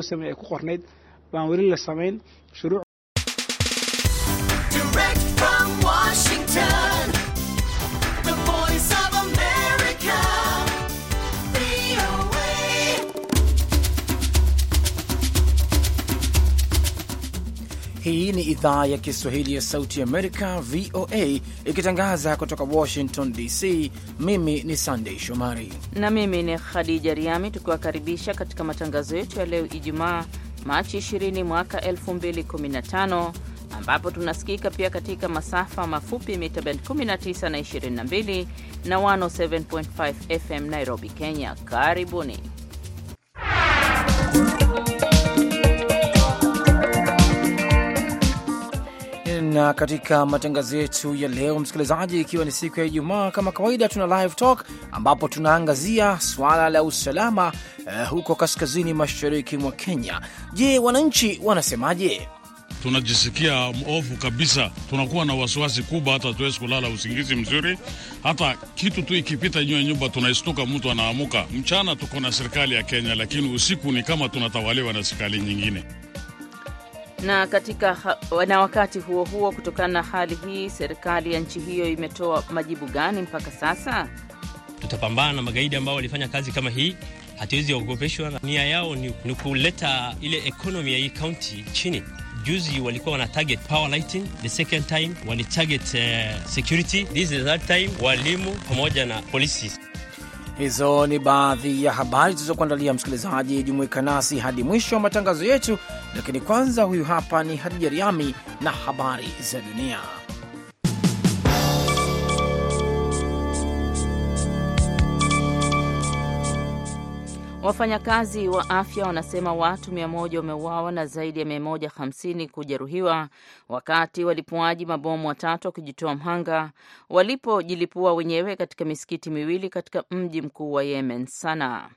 samey ay ku qornayd baan weli la samayn shuruu ni idhaa ya Kiswahili ya Sauti Amerika, VOA, ikitangaza kutoka Washington DC. Mimi ni Sandei Shomari na mimi ni Khadija Riami, tukiwakaribisha katika matangazo yetu ya leo Ijumaa, Machi 20 mwaka 2015 ambapo tunasikika pia katika masafa mafupi mita bend 19 na 22 na 107.5 FM Nairobi, Kenya. Karibuni. na katika matangazo yetu ya leo, msikilizaji, ikiwa ni siku ya Ijumaa, kama kawaida, tuna live talk ambapo tunaangazia swala la usalama eh, huko kaskazini mashariki mwa Kenya. Je, wananchi wanasemaje? Tunajisikia ofu kabisa, tunakuwa na wasiwasi kubwa, hata tuwezi kulala usingizi mzuri. Hata kitu tu ikipita nyuma nyumba tunaistuka, mtu anaamuka. Mchana tuko na serikali ya Kenya, lakini usiku ni kama tunatawaliwa na serikali nyingine na katika na wakati huo huo, kutokana na hali hii, serikali ya nchi hiyo imetoa majibu gani mpaka sasa? Tutapambana na magaidi ambao walifanya kazi kama hii, hatuwezi ogopeshwa. Nia yao ni, ni kuleta ile ekonomi ya hii kaunti chini. Juzi walikuwa wana target power lighting, the second time wali target uh, security, this is the third time walimu pamoja na polisi. Hizo ni baadhi ya habari zilizokuandalia msikilizaji. Jumuika nasi hadi mwisho wa matangazo yetu, lakini kwanza, huyu hapa ni Hadija Riami na habari za dunia. Wafanyakazi wa afya wanasema watu 100 wameuawa na zaidi ya 150 kujeruhiwa wakati walipuaji mabomu watatu wakijitoa mhanga walipojilipua wenyewe katika misikiti miwili katika mji mkuu wa Yemen, Sanaa.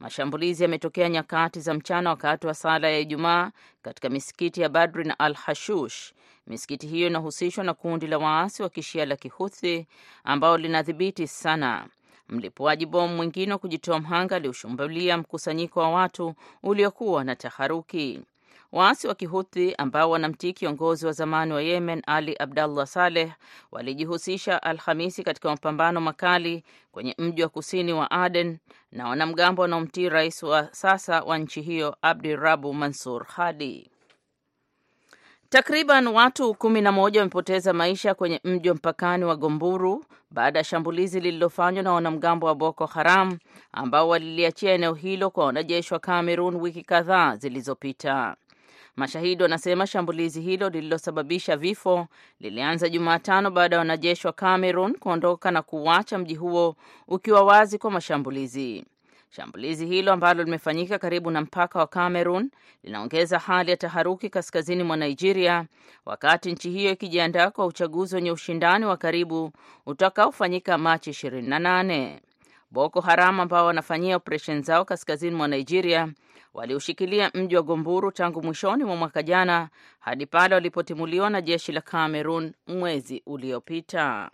Mashambulizi yametokea nyakati za mchana wakati wa sala ya Ijumaa katika misikiti ya Badri na Al Hashush. Misikiti hiyo inahusishwa na kundi la waasi wa kishia la Kihuthi ambao linadhibiti Sana. Mlipuaji bomu mwingine wa kujitoa mhanga aliushumbulia mkusanyiko wa watu uliokuwa na taharuki. Waasi wa Kihuthi ambao wanamtii kiongozi wa zamani wa Yemen Ali Abdallah Saleh walijihusisha Alhamisi katika mapambano makali kwenye mji wa kusini wa Aden na wanamgambo wanaomtii rais wa sasa wa nchi hiyo abdurabu Mansur Hadi. Takriban watu kumi na moja wamepoteza maisha kwenye mji wa mpakani wa Gomburu baada ya shambulizi lililofanywa na wanamgambo wa Boko Haram ambao waliliachia eneo hilo kwa wanajeshi wa Cameroon wiki kadhaa zilizopita. Mashahidi wanasema shambulizi hilo lililosababisha vifo lilianza Jumatano baada ya wanajeshi wa Cameroon kuondoka na kuuacha mji huo ukiwa wazi kwa mashambulizi. Shambulizi hilo ambalo limefanyika karibu na mpaka wa Cameroon linaongeza hali ya taharuki kaskazini mwa Nigeria, wakati nchi hiyo ikijiandaa kwa uchaguzi wenye ushindani wa karibu utakaofanyika Machi 28. Boko Haram ambao wanafanyia operesheni zao kaskazini mwa Nigeria waliushikilia mji wa Gomburu tangu mwishoni mwa mwaka jana hadi pale walipotimuliwa na jeshi la Cameroon mwezi uliopita.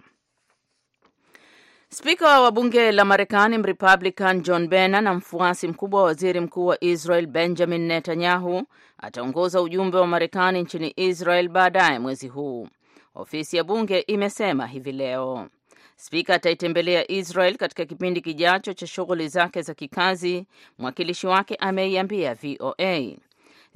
Spika wa bunge la Marekani Mrepublican John bena na mfuasi mkubwa wa waziri mkuu wa Israel Benjamin Netanyahu ataongoza ujumbe wa Marekani nchini Israel baadaye mwezi huu, ofisi ya bunge imesema hivi leo. Spika ataitembelea Israel katika kipindi kijacho cha shughuli zake za kikazi, mwakilishi wake ameiambia VOA.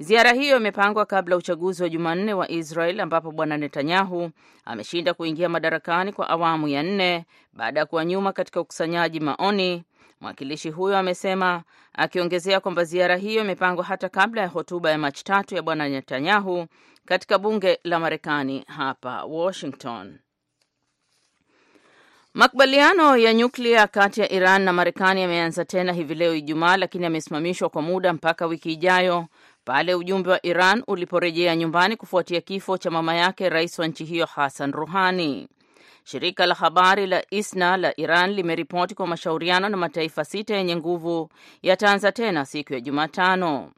Ziara hiyo imepangwa kabla uchaguzi wa Jumanne wa Israel ambapo bwana Netanyahu ameshinda kuingia madarakani kwa awamu ya nne baada ya kuwa nyuma katika ukusanyaji maoni, mwakilishi huyo amesema, akiongezea kwamba ziara hiyo imepangwa hata kabla ya hotuba ya Machi tatu ya bwana Netanyahu katika bunge la Marekani hapa Washington. Makubaliano ya nyuklia kati ya Iran na Marekani yameanza tena hivi leo Ijumaa, lakini yamesimamishwa kwa muda mpaka wiki ijayo pale ujumbe wa Iran uliporejea nyumbani kufuatia kifo cha mama yake rais wa nchi hiyo Hassan ruhani Shirika la habari la ISNA la Iran limeripoti kwa mashauriano na mataifa sita yenye nguvu yataanza tena siku ya Jumatano.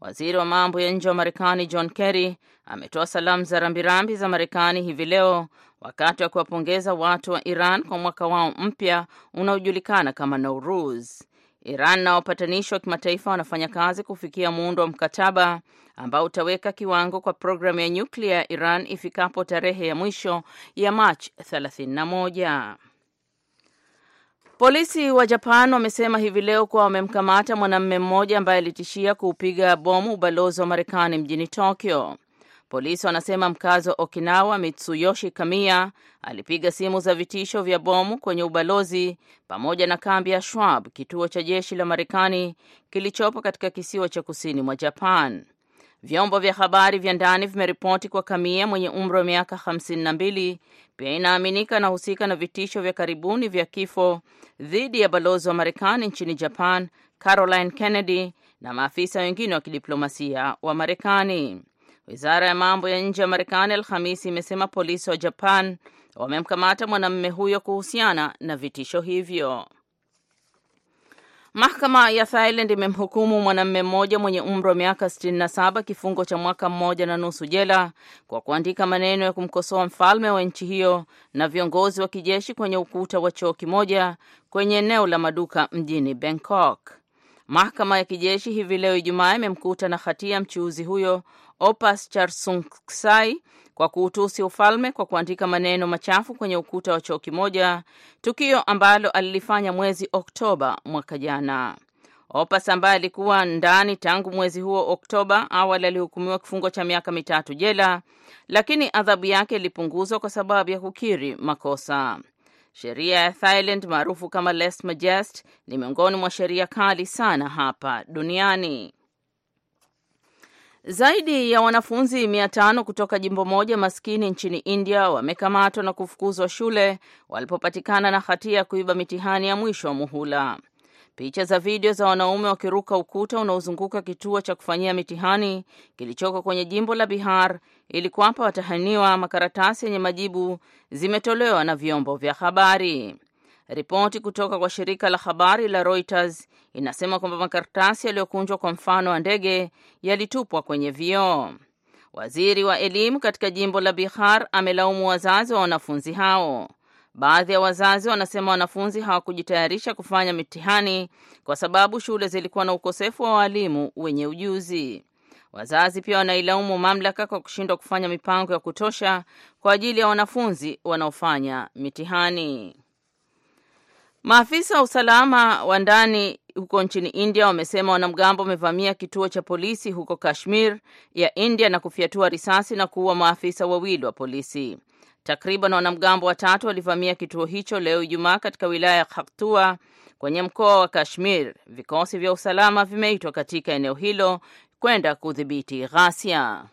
Waziri wa mambo ya nje wa Marekani John Kerry ametoa salamu za rambirambi za Marekani hivi leo wakati wa kuwapongeza watu wa Iran kwa mwaka wao mpya unaojulikana kama Nauruz. Iran na wapatanishi wa kimataifa wanafanya kazi kufikia muundo wa mkataba ambao utaweka kiwango kwa programu ya nyuklia ya Iran ifikapo tarehe ya mwisho ya Machi 31. Polisi wa Japan wamesema hivi leo kuwa wamemkamata mwanamume mmoja ambaye alitishia kuupiga bomu ubalozi wa Marekani mjini Tokyo. Polisi wanasema mkazi wa Okinawa Mitsuyoshi Kamiya alipiga simu za vitisho vya bomu kwenye ubalozi pamoja na kambi ya Schwab, kituo cha jeshi la Marekani kilichopo katika kisiwa cha kusini mwa Japan. Vyombo vya habari vya ndani vimeripoti kwa Kamiya mwenye umri wa miaka 52 pia inaaminika anahusika na vitisho vya karibuni vya kifo dhidi ya balozi wa Marekani nchini Japan Caroline Kennedy na maafisa wengine wa kidiplomasia wa Marekani. Wizara ya mambo ya nje ya Marekani Alhamisi imesema polisi wa Japan wamemkamata mwanamume huyo kuhusiana na vitisho hivyo. Mahakama ya Thailand imemhukumu mwanamume mmoja mwenye umri wa miaka 67 kifungo cha mwaka mmoja na nusu jela kwa kuandika maneno ya kumkosoa mfalme wa nchi hiyo na viongozi wa kijeshi kwenye ukuta wa choo kimoja kwenye eneo la maduka mjini Bangkok. Mahakama ya kijeshi hivi leo Ijumaa imemkuta na hatia mchuuzi huyo Opas Charsunksai kwa kuutusi ufalme kwa kuandika maneno machafu kwenye ukuta wa choo kimoja, tukio ambalo alilifanya mwezi Oktoba mwaka jana. Opas ambaye alikuwa ndani tangu mwezi huo Oktoba, awali alihukumiwa kifungo cha miaka mitatu jela, lakini adhabu yake ilipunguzwa kwa sababu ya kukiri makosa. Sheria ya Thailand maarufu kama Les Majest ni miongoni mwa sheria kali sana hapa duniani. Zaidi ya wanafunzi mia tano kutoka jimbo moja maskini nchini India wamekamatwa na kufukuzwa shule walipopatikana na hatia ya kuiba mitihani ya mwisho wa muhula. Picha za video za wanaume wakiruka ukuta unaozunguka kituo cha kufanyia mitihani kilichoko kwenye jimbo la Bihar ili kuwapa watahiniwa makaratasi yenye majibu zimetolewa na vyombo vya habari. Ripoti kutoka kwa shirika la habari la Reuters inasema kwamba makaratasi yaliyokunjwa kwa mfano wa ndege yalitupwa kwenye vioo. Waziri wa elimu katika jimbo la Bihar amelaumu wazazi wa wanafunzi hao. Baadhi ya wazazi wanasema wanafunzi hawakujitayarisha kufanya mitihani kwa sababu shule zilikuwa na ukosefu wa walimu wenye ujuzi. Wazazi pia wanailaumu mamlaka kwa kushindwa kufanya mipango ya kutosha kwa ajili ya wanafunzi wanaofanya mitihani. Maafisa wa usalama wa ndani huko nchini India wamesema wanamgambo wamevamia kituo cha polisi huko Kashmir ya India na kufyatua risasi na kuua maafisa wawili wa polisi. Takriban wanamgambo watatu walivamia kituo hicho leo Ijumaa katika wilaya ya Khaktua kwenye mkoa wa Kashmir. Vikosi vya usalama vimeitwa katika eneo hilo kwenda kudhibiti ghasia.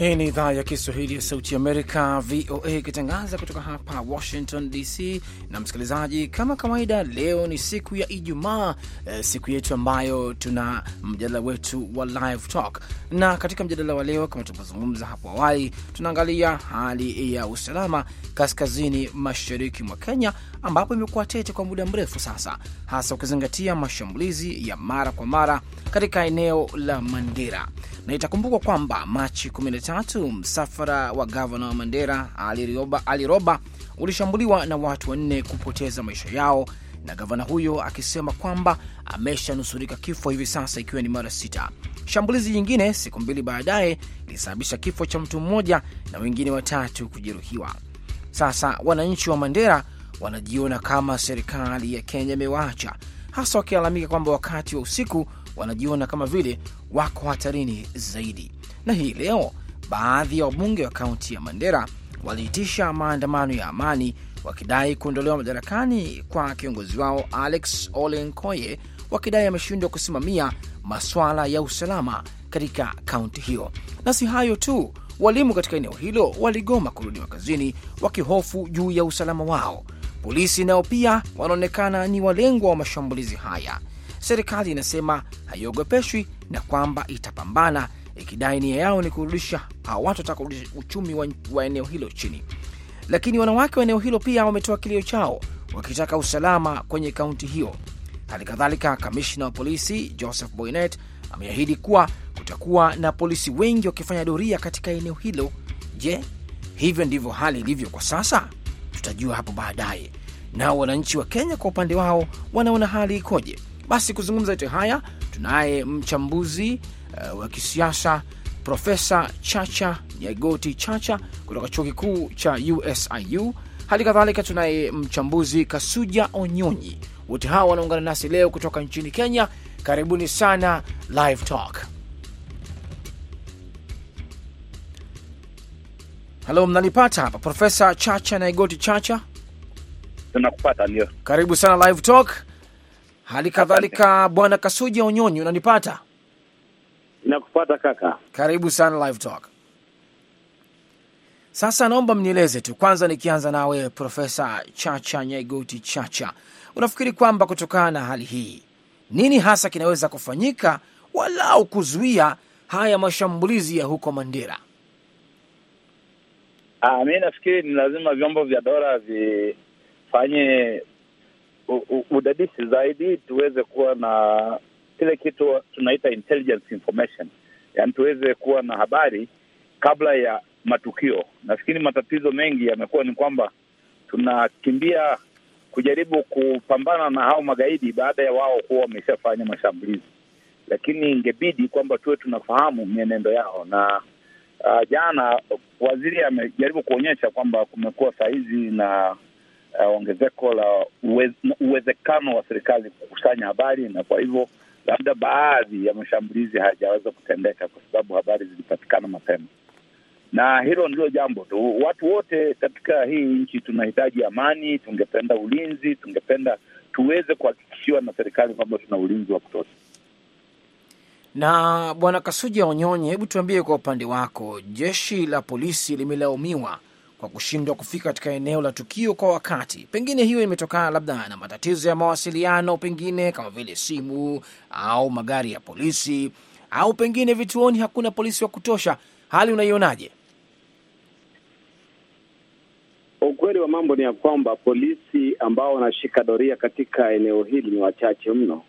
Hii ni idhaa ya Kiswahili ya Sauti Amerika, VOA, ikitangaza kutoka hapa Washington DC. Na msikilizaji, kama kawaida, leo ni siku ya Ijumaa, eh, siku yetu ambayo tuna mjadala wetu wa Live Talk, na katika mjadala wa leo, kama tulivyozungumza hapo awali, tunaangalia hali ya usalama kaskazini mashariki mwa Kenya, ambapo imekuwa tete kwa muda mrefu sasa, hasa ukizingatia mashambulizi ya mara kwa mara katika eneo la Mandera, na itakumbukwa kwamba Machi Jumatatu msafara wa gavana wa Mandera Aliroba, Aliroba ulishambuliwa na watu wanne kupoteza maisha yao, na gavana huyo akisema kwamba ameshanusurika kifo hivi sasa, ikiwa ni mara sita. Shambulizi jingine siku mbili baadaye lilisababisha kifo cha mtu mmoja na wengine watatu kujeruhiwa. Sasa wananchi wa Mandera wanajiona kama serikali ya Kenya imewaacha, hasa wakilalamika kwamba wakati wa usiku wanajiona kama vile wako hatarini zaidi. Na hii leo baadhi ya wabunge wa kaunti ya Mandera waliitisha maandamano ya amani wakidai kuondolewa madarakani kwa kiongozi wao Alex olenkoye wakidai ameshindwa kusimamia masuala ya usalama katika kaunti hiyo. Na si hayo tu, walimu katika eneo hilo waligoma kurudi makazini wakihofu juu ya usalama wao. Polisi nao pia wanaonekana ni walengwa wa mashambulizi haya. Serikali inasema haiogopeshwi na kwamba itapambana ikidai nia yao ni kurudisha au watu wataka kurudisha uchumi wa, wa eneo hilo chini. Lakini wanawake wa eneo hilo pia wametoa kilio chao wakitaka usalama kwenye kaunti hiyo. Hali kadhalika, kamishna wa polisi Joseph Boynet ameahidi kuwa kutakuwa na polisi wengi wakifanya doria katika eneo hilo. Je, hivyo ndivyo hali ilivyo kwa sasa? Tutajua hapo baadaye. Nao wananchi wa Kenya kwa upande wao wanaona hali ikoje? Basi kuzungumza yote haya tunaye mchambuzi uh, wa kisiasa Profesa Chacha Nyagoti Chacha kutoka chuo kikuu cha USIU. Hali kadhalika tunaye mchambuzi Kasuja Onyonyi. Wote hawa wanaungana nasi leo kutoka nchini Kenya. Karibuni sana Live Talk. Halo, mnanipata hapa? Profesa Chacha Naigoti Chacha, tunakupata. Ndio, karibu sana Live Talk. Hali kadhalika bwana Kasuja Onyonyi, unanipata? Nakupata kaka, karibu sana Live Talk. Sasa naomba mnieleze tu kwanza, nikianza nawe Profesa Chacha Nyaigoti Chacha, unafikiri kwamba kutokana na hali hii nini hasa kinaweza kufanyika walau kuzuia haya mashambulizi ya huko Mandera? Ah, mi nafikiri ni lazima vyombo vya dola vifanye udadisi zaidi, tuweze kuwa na kile kitu tunaita intelligence information, yaani tuweze kuwa na habari kabla ya matukio. Nafikiri matatizo mengi yamekuwa ni kwamba tunakimbia kujaribu kupambana na hao magaidi baada ya wao kuwa wameshafanya mashambulizi, lakini ingebidi kwamba tuwe tunafahamu mienendo yao. Na uh, jana waziri amejaribu kuonyesha kwamba kumekuwa sahizi na uh, ongezeko la uwezekano wa serikali kukusanya habari, na kwa hivyo labda baadhi ya mashambulizi hayajaweza kutendeka kwa sababu habari zilipatikana mapema, na hilo ndilo jambo tu. Watu wote katika hii nchi tunahitaji amani, tungependa ulinzi, tungependa tuweze kuhakikishiwa na serikali kwamba tuna ulinzi wa kutosha. Na Bwana Kasuja Onyonye, hebu tuambie kwa upande wako, jeshi la polisi limelaumiwa kwa kushindwa kufika katika eneo la tukio kwa wakati. Pengine hiyo imetokana labda na matatizo ya mawasiliano, pengine kama vile simu au magari ya polisi, au pengine vituoni hakuna polisi wa kutosha. Hali unaionaje? Ukweli wa mambo ni ya kwamba polisi ambao wanashika doria katika eneo hili ni wachache mno,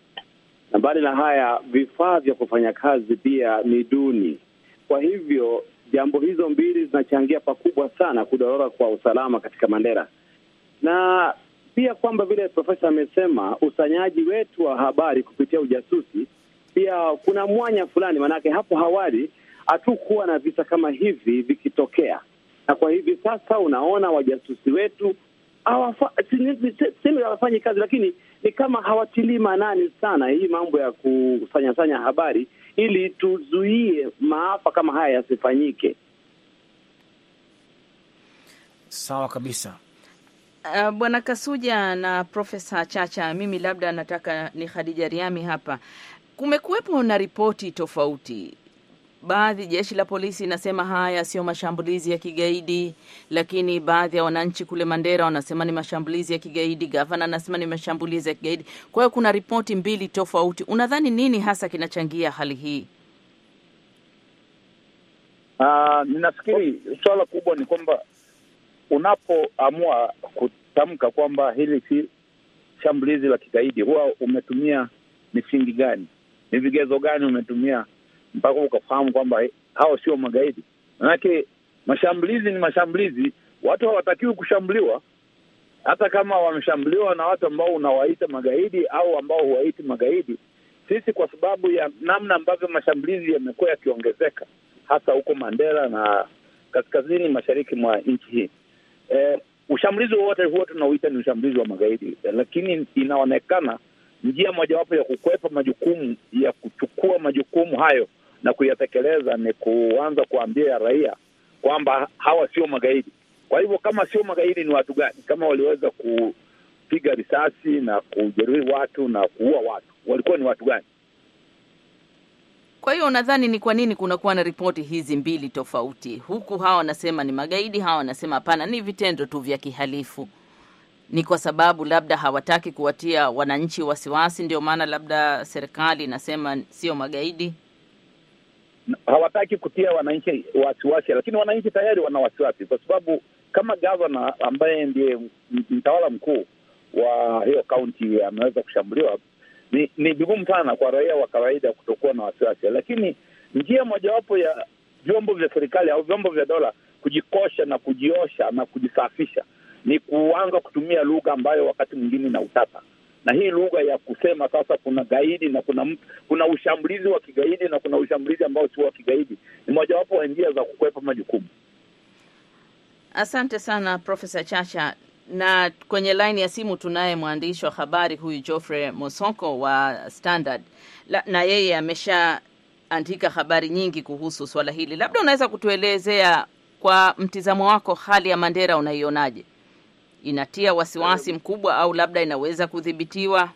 na mbali na haya, vifaa vya kufanya kazi pia ni duni. Kwa hivyo Jambo hizo mbili zinachangia pakubwa sana kudorora kwa usalama katika Mandera, na pia kwamba vile profesa amesema, usanyaji wetu wa habari kupitia ujasusi pia kuna mwanya fulani, maanake hapo awali hatukuwa na visa kama hivi vikitokea, na kwa hivi sasa unaona wajasusi wetu semi hawafanyi kazi, lakini ni kama hawatilii maanani sana hii mambo ya kusanyasanya habari ili tuzuie maafa kama haya yasifanyike. Sawa kabisa. Uh, Bwana Kasuja na Profesa Chacha, mimi labda nataka ni Khadija Riami hapa. Kumekuwepo na ripoti tofauti baadhi, jeshi la polisi inasema haya sio mashambulizi ya kigaidi, lakini baadhi ya wananchi kule Mandera wanasema ni mashambulizi ya kigaidi, gavana anasema ni mashambulizi ya kigaidi. Kwa hiyo kuna ripoti mbili tofauti. Unadhani nini hasa kinachangia hali hii? Uh, ninafikiri suala kubwa ni kwamba unapoamua kutamka kwamba hili si shambulizi la kigaidi, huwa umetumia misingi gani? Ni vigezo gani umetumia mpaka ukafahamu kwamba eh, hawa sio magaidi. Manake mashambulizi ni mashambulizi, watu hawatakiwi kushambuliwa, hata kama wameshambuliwa na watu ambao unawaita magaidi au ambao huwaiti magaidi. Sisi kwa sababu ya namna ambavyo mashambulizi yamekuwa yakiongezeka, hasa huko Mandera na kaskazini mashariki mwa nchi hii e, ushambulizi wowote huo tunauita ni ushambulizi wa magaidi, lakini inaonekana njia mojawapo ya kukwepa majukumu ya kuchukua majukumu hayo na kuyatekeleza ni kuanza kuambia raia kwamba hawa sio magaidi. Kwa hivyo kama sio magaidi, ni watu gani? Kama waliweza kupiga risasi na kujeruhi watu na kuua watu, walikuwa ni watu gani? Kwa hiyo unadhani ni kwa nini kunakuwa na ripoti hizi mbili tofauti, huku hawa wanasema ni magaidi, hawa wanasema hapana, ni vitendo tu vya kihalifu. Ni kwa sababu labda hawataki kuwatia wananchi wasiwasi, ndio maana labda serikali inasema sio magaidi hawataki kutia wananchi wasiwasi, lakini wananchi tayari wana wasiwasi, kwa sababu kama gavana ambaye ndiye mtawala mkuu wa hiyo kaunti ameweza kushambuliwa, ni vigumu sana kwa raia wa kawaida kutokuwa na wasiwasi. Lakini njia mojawapo ya vyombo vya serikali au vyombo vya dola kujikosha na kujiosha na kujisafisha ni kuanza kutumia lugha ambayo wakati mwingine inautata utata na hii lugha ya kusema sasa kuna gaidi na kuna kuna ushambulizi wa kigaidi na kuna ushambulizi ambao sio wa kigaidi, ni mojawapo wa njia za kukwepa majukumu. Asante sana Profesa Chacha. Na kwenye laini ya simu tunaye mwandishi wa habari huyu Geoffrey Mosonko wa Standard la, na yeye ameshaandika habari nyingi kuhusu swala hili. Labda unaweza kutuelezea kwa mtizamo wako hali ya Mandera unaionaje? inatia wasiwasi mkubwa au labda inaweza kudhibitiwa?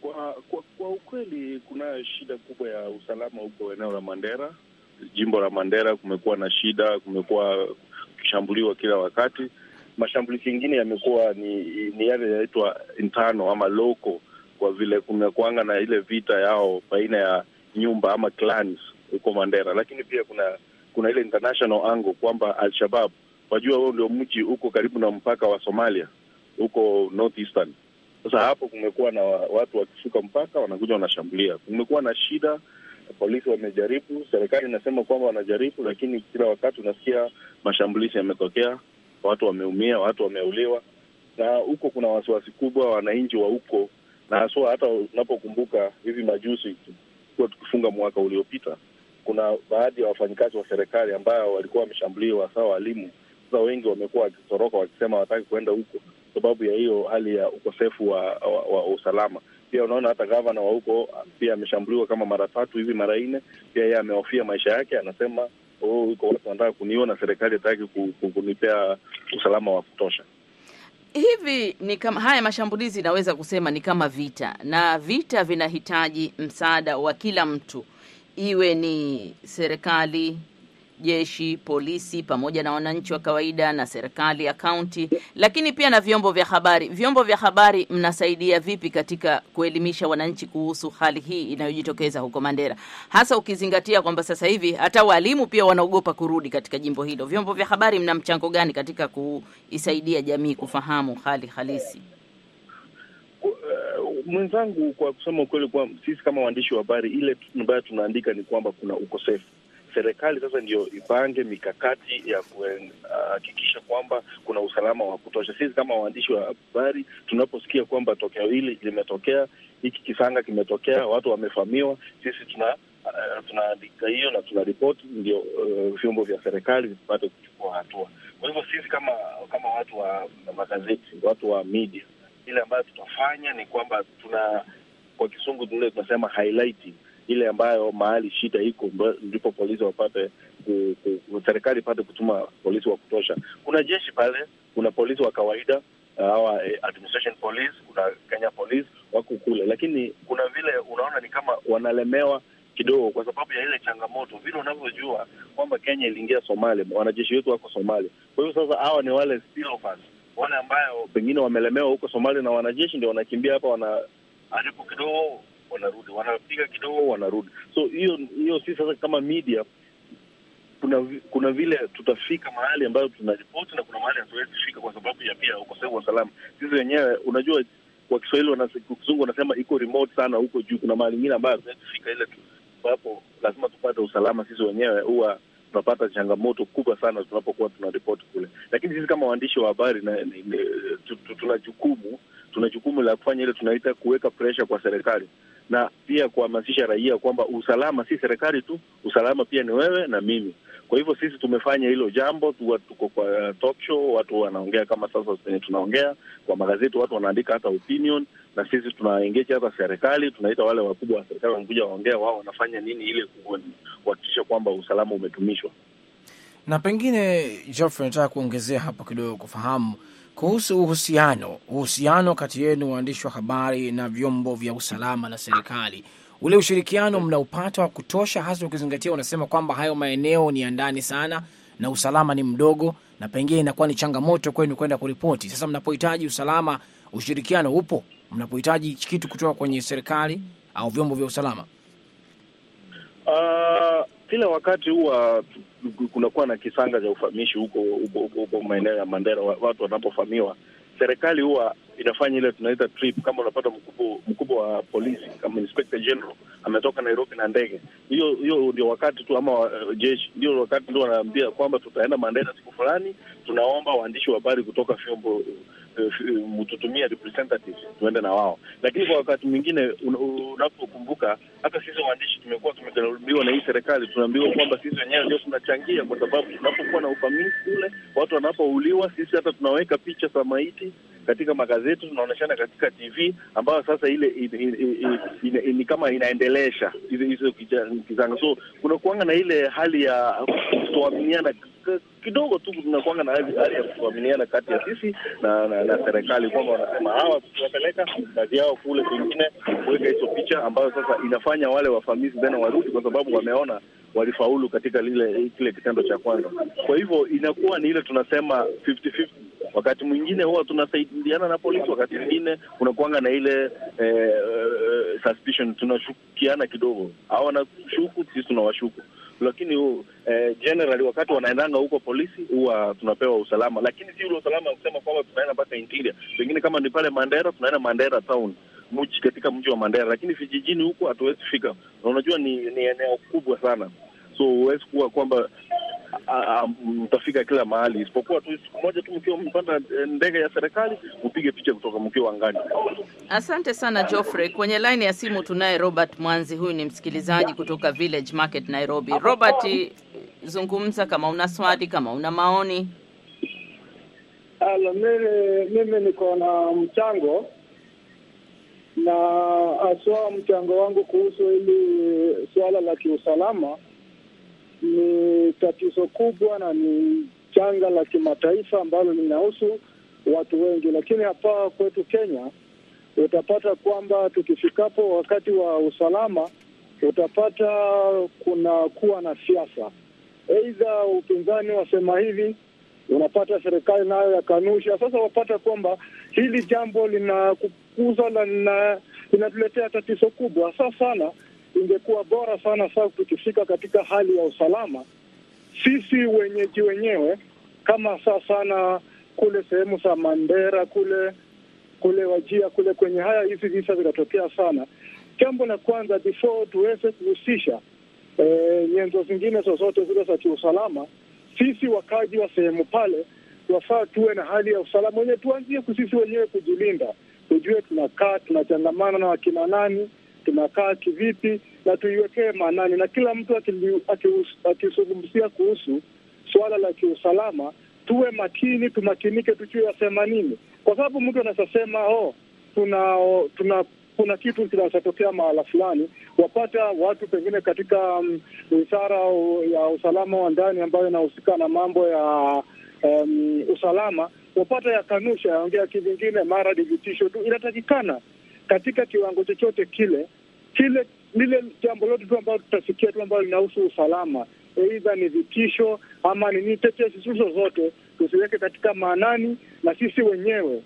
Kwa, kwa, kwa ukweli kuna shida kubwa ya usalama huko eneo la Mandera, jimbo la Mandera. Kumekuwa na shida, kumekuwa kushambuliwa kila wakati. Mashambulizi mengine yamekuwa ni, ni yale yanaitwa intano ama loko, kwa vile kumekuanga na ile vita yao baina ya nyumba ama clans huko Mandera, lakini pia kuna kuna ile international angle kwamba alshabab wajua huo ndio mji uko karibu na mpaka wa Somalia huko north eastern. Sasa hapo kumekuwa na watu wakishuka mpaka wanakuja wanashambulia, kumekuwa na shida. Polisi wamejaribu, serikali inasema kwamba wanajaribu, lakini kila wakati unasikia mashambulizi yametokea, watu wameumia, watu wameuliwa, na huko kuna wasiwasi kubwa wananchi wa huko, na haswa hata unapokumbuka hivi majuzi kuwa tukifunga mwaka uliopita, kuna baadhi ya wafanyikazi wa serikali ambayo walikuwa wameshambuliwa, sawa walimu sasa wengi wamekuwa wakitoroka wakisema wataki kuenda huko sababu ya hiyo hali ya ukosefu wa, wa, wa usalama. Pia unaona hata gavana wa huko ah, pia ameshambuliwa kama mara tatu hivi mara nne. Pia yeye amehofia maisha yake, anasema oh, iko watu wanataka kuniona, serikali hataki kunipea usalama wa kutosha. Hivi ni kama haya mashambulizi, inaweza kusema ni kama vita, na vita vinahitaji msaada wa kila mtu, iwe ni serikali jeshi, polisi pamoja na wananchi wa kawaida na serikali ya kaunti, lakini pia na vyombo vya habari. Vyombo vya habari mnasaidia vipi katika kuelimisha wananchi kuhusu hali hii inayojitokeza huko Mandera, hasa ukizingatia kwamba sasa hivi hata walimu pia wanaogopa kurudi katika jimbo hilo? Vyombo vya habari mna mchango gani katika kuisaidia jamii kufahamu hali halisi? Eh, mwenzangu, kwa kusema ukweli, kwa sisi kama waandishi wa habari, ile ambayo tunaandika ni kwamba kuna ukosefu serikali sasa ndio ipange mikakati ya kuhakikisha uh, kwamba kuna usalama wa kutosha. Sisi kama waandishi wa habari tunaposikia kwamba tokeo hili limetokea, hiki kisanga kimetokea, watu wamefamiwa, sisi tuna Uh, tunaandika hiyo na tunaripoti ndio uh, vyombo vya serikali vipate kuchukua hatua. Kwa hivyo sisi kama kama watu wa magazeti, watu wa media, ile ambayo tutafanya ni kwamba tuna, kwa kisungu tunasema highlighting ile ambayo mahali shida iko, ndipo polisi wapate serikali ipate kutuma polisi wa kutosha. Kuna jeshi pale, kuna polisi wa kawaida eh, awa eh, administration police, kuna Kenya police wako kule, lakini kuna vile unaona ni kama wanalemewa kidogo kwa sababu ya ile changamoto, vile unavyojua kwamba Kenya iliingia Somalia, wanajeshi wetu wako Somalia. Kwa hiyo sasa hawa ni wale wale ambayo pengine wamelemewa huko Somalia na wanajeshi ndio wanakimbia hapa, wanaaribu kidogo wanarudi, wanapiga kidogo, wanarudi. So hiyo hiyo, si sasa kama media, kuna kuna vile tutafika mahali ambayo tunaripoti na kuna mahali hatuwezi fika kwa sababu ya pia ukosefu wa salama. Sisi wenyewe, unajua kwa Kiswahili Kizungu wanasema iko remote sana huko juu. Kuna mahali ingine ambayo hatuwezi fika, ile ambapo lazima tupate usalama sisi wenyewe huwa tunapata changamoto kubwa sana tunapokuwa tunaripoti kule, lakini sisi kama waandishi wa habari tuna jukumu tuna jukumu la kufanya ile tunaita kuweka presha kwa serikali, na pia kuhamasisha raia kwamba usalama si serikali tu, usalama pia ni wewe na mimi. Kwa hivyo sisi tumefanya hilo jambo tu, tuko kwa uh, talk show, watu wanaongea kama sasa enye tunaongea kwa magazeti, watu wanaandika hata opinion, na sisi tunaengeja hata serikali, tunaita wale wakubwa wa serikali wanakuja waongea wao wanafanya nini ile kuhakikisha kwamba usalama umetumishwa. Na pengine Geoffrey, nataka kuongezea hapo kidogo kufahamu kuhusu uhusiano uhusiano kati yenu waandishi wa habari na vyombo vya usalama na serikali, ule ushirikiano mnaupata wa kutosha, hasa ukizingatia unasema kwamba hayo maeneo ni ya ndani sana na usalama ni mdogo, na pengine inakuwa ni changamoto kwenu kwenda kuripoti. Sasa mnapohitaji usalama, ushirikiano upo mnapohitaji kitu kutoka kwenye serikali au vyombo vya usalama? Uh, kila wakati huwa kunakuwa na kisanga cha ufamishi huko huko maeneo ya Mandera, watu wanapofamiwa serikali huwa inafanya ile tunaita trip. Kama unapata mkubwa wa polisi kama inspector general ametoka Nairobi na ndege hiyo hiyo, ndio wakati tu ama uh, jeshi ndio wakati ndio wanaambia kwamba tutaenda Mandera siku fulani, tunaomba waandishi wa habari kutoka vyombo Eh, mututumia representative tuende na wao, lakini kwa wakati mwingine unapokumbuka, hata sisi waandishi tumekuwa tumegharamiwa na hii serikali, tunaambiwa kwamba sisi wenyewe ndio tunachangia, kwa sababu tunapokuwa na uvamizi kule, watu wanapouliwa, sisi hata tunaweka picha za maiti katika magazeti, tunaoneshana katika TV ambayo sasa ile ni kama inaendelesha hizo kizanga. So kunakuanga na ile hali ya kutoaminiana kidogo tu tunakuanga na hali ya kuaminiana kati ya sisi na na, na serikali kwamba wanasema hawa tukiwapeleka kazi yao kule kwingine kuweka hizo picha ambayo sasa inafanya wale wafamizi tena warudi, kwa sababu wameona walifaulu katika lile kile kitendo cha kwanza. Kwa hivyo inakuwa ni ile tunasema 50-50. Wakati mwingine huwa tunasaidiana na polisi, wakati mwingine unakuanga na ile eh, eh, suspicion, tunashukiana kidogo, hawa wanashuku sisi tunawashuku lakini eh, general wakati wanaendanga huko polisi huwa tunapewa usalama, lakini si ule usalama kusema kwamba tunaenda mpaka interior. Pengine kama ni pale Mandera, tunaenda Mandera town mji katika mji wa Mandera, lakini vijijini huko hatuwezi fika, na unajua ni, ni eneo kubwa sana so huwezi kuwa kwamba mtafika kila mahali, isipokuwa tu siku moja tu mkiwa mpanda eh, ndege ya serikali mpige picha kutoka mkiwa angani. Asante sana Geoffrey. Kwenye laini ya simu tunaye Robert Mwanzi, huyu ni msikilizaji kutoka Village Market, Nairobi. Robert, zungumza kama una swali, kama una maoni. Halo, mimi niko na mchango na aswa mchango wangu kuhusu hili suala la kiusalama ni tatizo kubwa na ni janga la kimataifa ambalo linahusu watu wengi, lakini hapa kwetu Kenya utapata kwamba tukifikapo wakati wa usalama, utapata kuna kuwa na siasa, aidha upinzani wasema hivi, unapata serikali nayo yakanusha. Sasa wapata kwamba hili jambo linakukuza na linatuletea tatizo kubwa saa sana ingekuwa bora sana sasa tukifika katika hali ya usalama, sisi wenyeji wenyewe kama saa sana kule sehemu za Mandera kule kule Wajia kule kwenye haya hizi visa vinatokea sana. Jambo la kwanza before tuweze kuhusisha e, nyenzo zingine zozote zile za kiusalama, sisi wakaji wa sehemu pale wafaa tuwe na hali ya usalama wenyewe, tuanzie sisi wenyewe kujilinda, tujue tunakaa tunachangamana na wakina nani tunakaa kivipi, na tuiwekee maanani, na kila mtu akizungumzia kuhusu suala la kiusalama tuwe makini, tumakinike, tuchue yasema nini, kwa sababu mtu anaweza sema oh, tuna tuna kuna kitu kinachotokea mahala fulani, wapata watu pengine katika mm, wizara um, ya usalama wa ndani ambayo inahusika na mambo ya um, usalama, wapata yakanusha yaongea kivingine, mara divitisho tu. Inatakikana katika kiwango chochote kile kile, lile jambo lote tu ambalo tutasikia tu ambalo linahusu usalama, eidha ni vitisho ama nini, tetesi zozote tusiweke katika maanani, na sisi wenyewe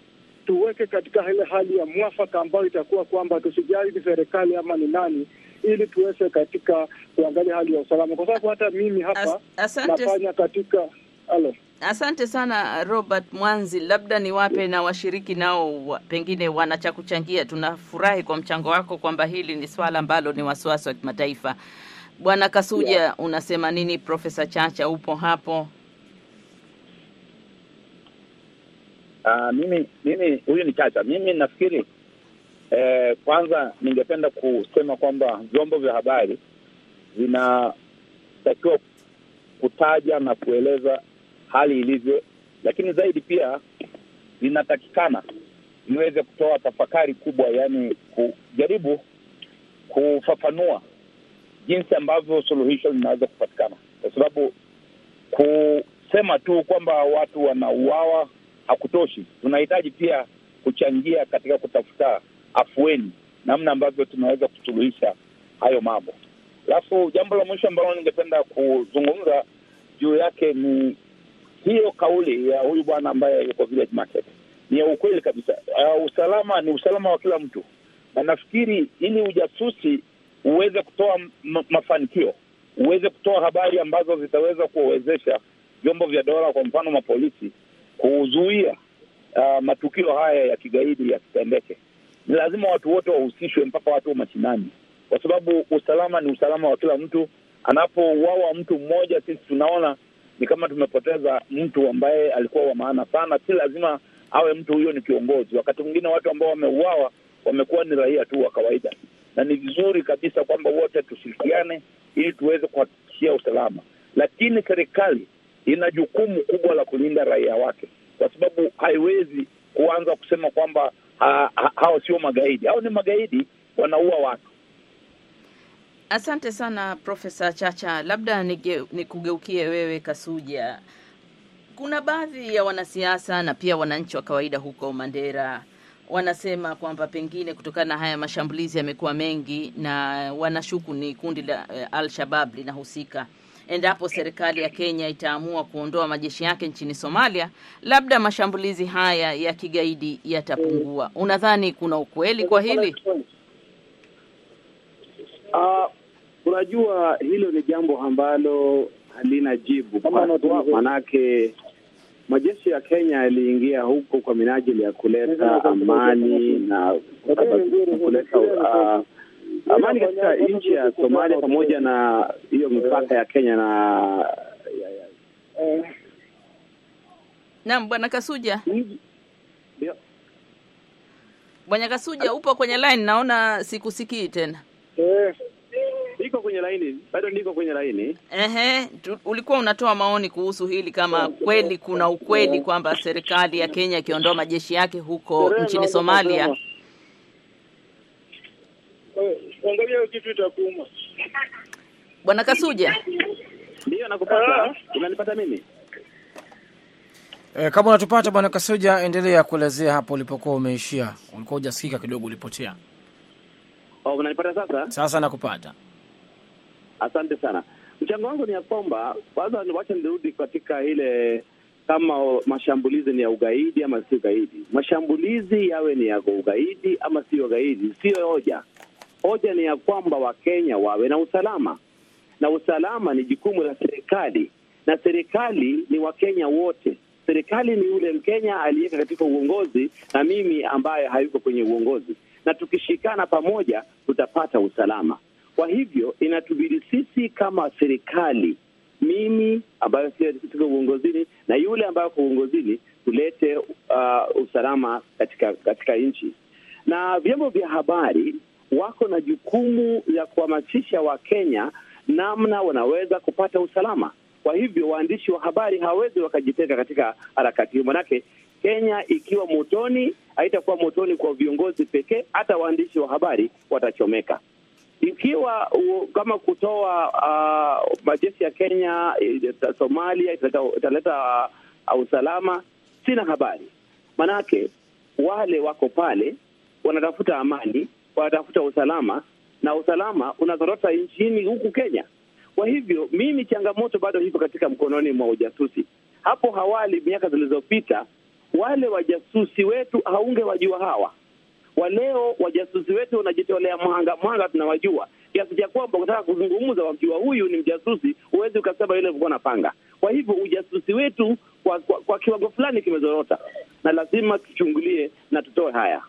tuweke katika ile hali ya mwafaka ambayo itakuwa kwamba tusijali ni serikali ama ni nani, ili tuweze katika kuangalia hali ya usalama, kwa sababu hata mimi hapa As, nafanya katika Asante sana Robert Mwanzi, labda ni wape na washiriki nao pengine wana cha kuchangia. Tunafurahi kwa mchango wako kwamba hili ni swala ambalo ni wasiwasi wa kimataifa. Bwana Kasuja, yeah. Unasema nini? Profesa Chacha, upo hapo? Uh, mimi mimi huyu ni Chacha. Mimi nafikiri eh, kwanza ningependa kusema kwamba vyombo vya habari vinatakiwa kutaja na kueleza hali ilivyo, lakini zaidi pia linatakikana niweze kutoa tafakari kubwa, yaani kujaribu kufafanua jinsi ambavyo suluhisho linaweza kupatikana, kwa sababu kusema tu kwamba watu wanauawa hakutoshi. Tunahitaji pia kuchangia katika kutafuta afueni, namna ambavyo tunaweza kusuluhisha hayo mambo. Alafu jambo la mwisho ambalo ningependa kuzungumza juu yake ni hiyo kauli ya huyu bwana ambaye yuko Village Market ni ya ukweli kabisa. Uh, usalama ni usalama wa kila mtu, na nafikiri ili ujasusi uweze kutoa mafanikio, uweze kutoa habari ambazo zitaweza kuwawezesha vyombo vya dola, kwa mfano mapolisi, kuzuia uh, matukio haya ya kigaidi yasitendeke, ni lazima watu wote wahusishwe, mpaka watu wa mashinani, kwa sababu usalama ni usalama wa kila mtu. Anapouawa mtu mmoja, sisi tunaona ni kama tumepoteza mtu ambaye alikuwa wa maana sana. Si lazima awe mtu huyo ni kiongozi. Wakati mwingine watu ambao wameuawa wamekuwa ni raia tu wa kawaida, na ni vizuri kabisa kwamba wote tushirikiane ili tuweze kuhakikishia usalama, lakini serikali ina jukumu kubwa la kulinda raia wake, kwa sababu haiwezi kuanza kusema kwamba hao sio magaidi. Hao ni magaidi, wanaua watu Asante sana Profesa Chacha, labda nikugeukie ni wewe Kasuja. Kuna baadhi ya wanasiasa na pia wananchi wa kawaida huko Mandera wanasema kwamba pengine kutokana na haya mashambulizi yamekuwa mengi na wanashuku ni kundi la eh, Al-Shabab linahusika. Endapo serikali ya Kenya itaamua kuondoa majeshi yake nchini Somalia, labda mashambulizi haya ya kigaidi yatapungua. Unadhani kuna ukweli kwa hili? Uh, Unajua, hilo ni jambo ambalo halina jibu, manake majeshi ya Kenya yaliingia huko kwa minajili ya kuleta amani na kuleta uh, amani katika nchi ya Somalia pamoja na hiyo eh. mipaka ya Kenya na nam eh. Naam, Bwana Kasuja. Bwana Kasuja upo kwenye line, naona sikusikii tena. Eh niko kwenye laini, bado niko kwenye laini. Ehe, ulikuwa unatoa maoni kuhusu hili kama kweli kuna ukweli kwamba serikali ya Kenya ikiondoa majeshi yake huko nchini Somalia. Eh, angalia kitu itakuuma. Bwana Kasuja. Ndio nakupata. Ah. Unanipata mimi? E, kama unatupata Bwana Kasuja, endelea kuelezea hapo ulipokuwa umeishia. Ulikuwa hujasikika kidogo, ulipotea. Oh, unanipata sasa? Sasa nakupata. Asante sana. Mchango wangu ni ya kwamba kwanza, wacha nirudi katika ile kama mashambulizi ni ya ugaidi ama si ugaidi. Mashambulizi yawe ni ya ugaidi ama si ugaidi, siyo hoja. Hoja ni ya kwamba Wakenya wawe na usalama, na usalama ni jukumu la serikali, na serikali ni Wakenya wote. Serikali ni yule Mkenya aliyeweka katika uongozi na mimi ambaye hayuko kwenye uongozi, na tukishikana pamoja tutapata usalama. Kwa hivyo inatubidi sisi kama serikali, mimi ambayo siko uongozini na yule ambayo ko uongozini, tulete uh, usalama katika, katika nchi, na vyombo vya habari wako na jukumu ya kuhamasisha Wakenya namna wanaweza kupata usalama. Kwa hivyo waandishi wa habari hawawezi wakajitenga katika harakati hiyo, manake Kenya ikiwa motoni haitakuwa motoni kwa viongozi pekee, hata waandishi wa habari watachomeka ikiwa uh, kama kutoa uh, majeshi ya Kenya uh, Somalia italeta uh, usalama, sina habari, manake wale wako pale wanatafuta amani, wanatafuta usalama, na usalama unazorota nchini huku Kenya. Kwa hivyo mimi, changamoto bado hivyo katika mkononi mwa ujasusi. Hapo hawali miaka zilizopita, wale wajasusi wetu haunge wajua hawa wa leo wajasusi wetu wanajitolea mwanga mwanga, tunawajua kiasi cha kwamba ukitaka kuzungumza wakiwa huyu ni mjasusi, huwezi ukasema yule alikuwa na panga. Kwa hivyo ujasusi wetu kwa, kwa, kwa kiwango fulani kimezorota, na lazima tuchungulie na tutoe haya.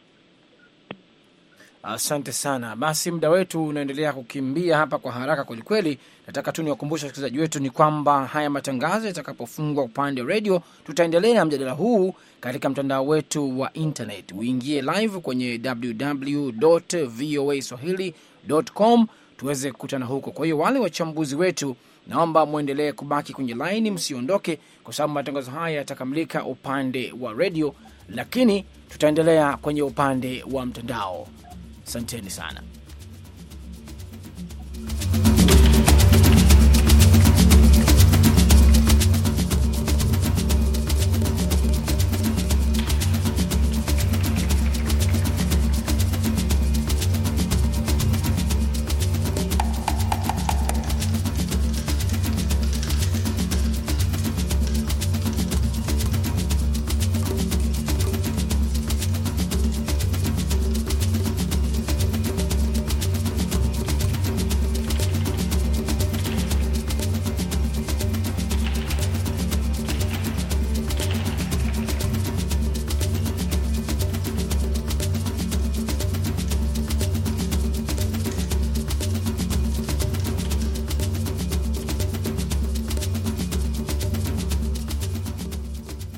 Asante sana. Basi muda wetu unaendelea kukimbia hapa kwa haraka kwelikweli. Nataka tu niwakumbusha wasikilizaji wetu ni kwamba haya matangazo yatakapofungwa upande wa redio, tutaendelea na mjadala huu katika mtandao wetu wa internet. Uingie live kwenye www voa swahili.com tuweze kukutana huko. Kwa hiyo wale wachambuzi wetu, naomba mwendelee kubaki kwenye laini, msiondoke, kwa sababu matangazo haya yatakamilika upande wa redio, lakini tutaendelea kwenye upande wa mtandao. Asanteni sana.